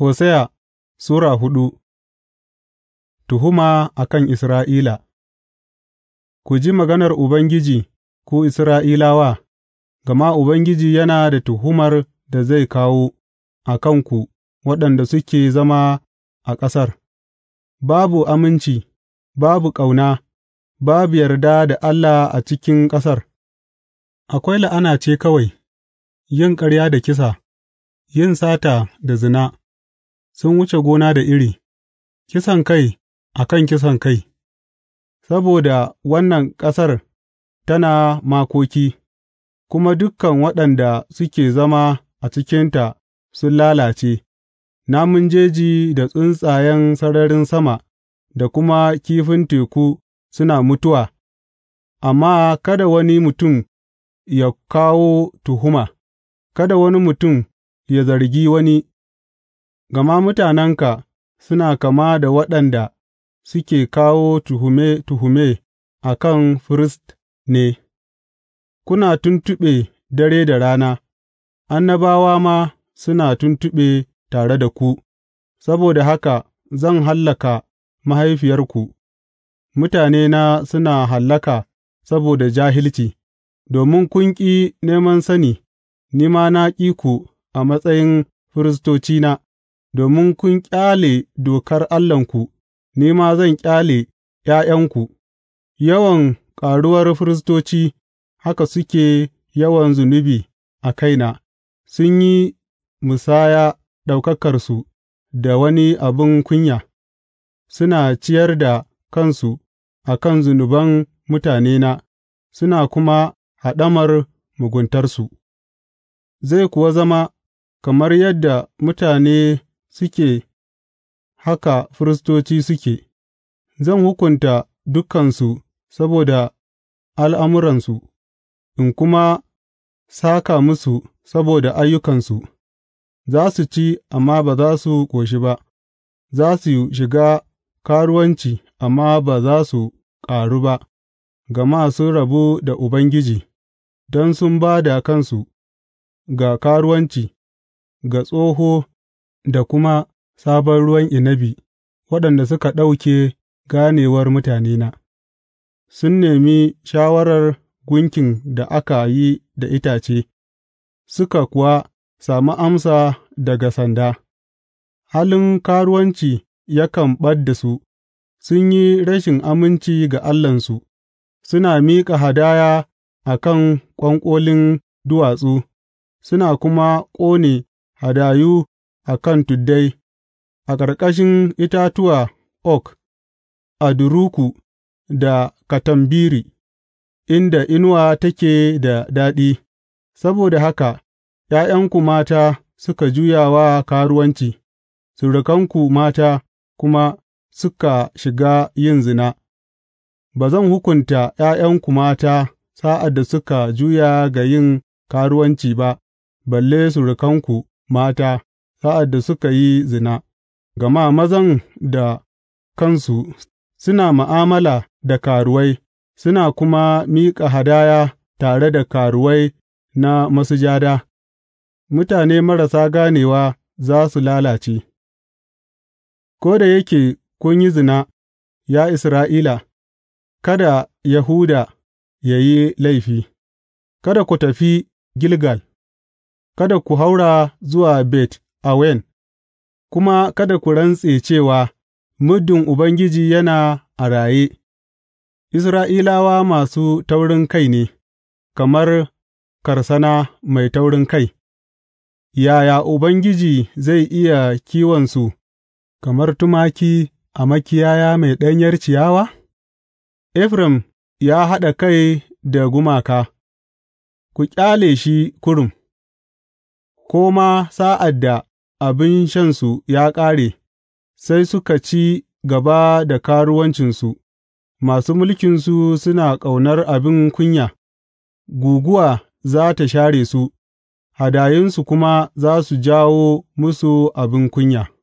Hosiya Sura hudu Tuhuma a kan Isra'ila Ku ji maganar Ubangiji, ku Isra'ilawa, gama Ubangiji yana da tuhumar da zai kawo a kanku waɗanda suke zama a ƙasar, babu aminci, babu ƙauna, babu yarda da Allah a cikin ƙasar, akwai la'ana ce kawai, yin ƙarya da kisa, yin sata da zina. sun wuce gona da iri, kisankai a kan kisankai, saboda wannan ƙasar tana makoki, kuma dukan waɗanda suke zama a cikinta sun lalace, namun jeji da tsuntsayen sararin sama da kuma kifin teku suna mutuwa, amma kada wani mutum ya kawo tuhuma, kada wani mutum ya zargi wani. Gama mutanenka suna kama da waɗanda suke kawo tuhume tuhume a kan firist ne, kuna tuntuɓe dare da rana, annabawa ma suna tuntuɓe tare da ku, saboda haka zan hallaka mahaifiyarku, mutanena suna hallaka saboda jahilci, domin kun ƙi neman sani, ni ma na ƙi ku a matsayin firistocina. Domin kun ƙyale dokar Allahnku, ni ma zan ƙyale ’ya'yanku; yawan ƙaruwar firistoci, haka suke yawan zunubi a kaina, sun yi musaya ɗaukakarsu da wani abin kunya, suna ciyar da kansu a kan zunuban mutanena suna kuma haɗamar muguntarsu, zai kuwa zama kamar yadda mutane suke haka firistoci suke, zan hukunta dukansu saboda al'amuransu in kuma saka musu saboda ayyukansu, za su ci amma ba za su ƙoshi ba, za su shiga karuwanci amma ba za su ƙaru ba, gama sun rabu da Ubangiji, don sun ba da kansu ga karuwanci, ga tsoho da kuma sabon ruwan inabi waɗanda suka ɗauke ganewar mutanena, sun nemi shawarar gunkin da aka yi da itace, suka kuwa sami amsa daga sanda, halin karuwanci yakan ɓad da su, sun yi rashin aminci ga Allahnsu, suna miƙa hadaya a kan ƙwanƙolin duwatsu, suna kuma ƙone hadayu a kan tuddai, a ƙarƙashin itatuwa oak, a duruku da katambiri, inda inuwa take da daɗi, saboda haka ’ya'yanku mata suka juya wa karuwanci, surukanku mata kuma suka shiga yin zina, ba zan hukunta ’ya'yanku mata sa'ad da suka juya ga yin karuwanci ba, balle surukanku mata. sa'ad da suka yi zina, gama mazan da kansu suna ma'amala da karuwai, suna kuma miƙa hadaya tare da karuwai na masujada, mutane marasa ganewa za su lalace. Ko da yake kun yi zina, ya Isra'ila, kada Yahuda ya yi laifi, kada ku tafi Gilgal, kada ku haura zuwa Bet Awen Kuma kada ku rantse cewa, Muddin Ubangiji yana a raye, Isra'ilawa masu taurin kai ne, kamar karsana mai taurin kai. yaya Ubangiji zai iya kiwonsu kamar tumaki a makiyaya mai ɗanyar ciyawa? Efraim ya haɗa kai da gumaka, ku ƙyale shi kurum, ko ma sa'ad da abin shansu ya ƙare, sai suka ci gaba da karuwancinsu, masu mulkinsu suna ƙaunar abin kunya, guguwa za tă share su, hadayunsu kuma za su jawo musu abin kunya.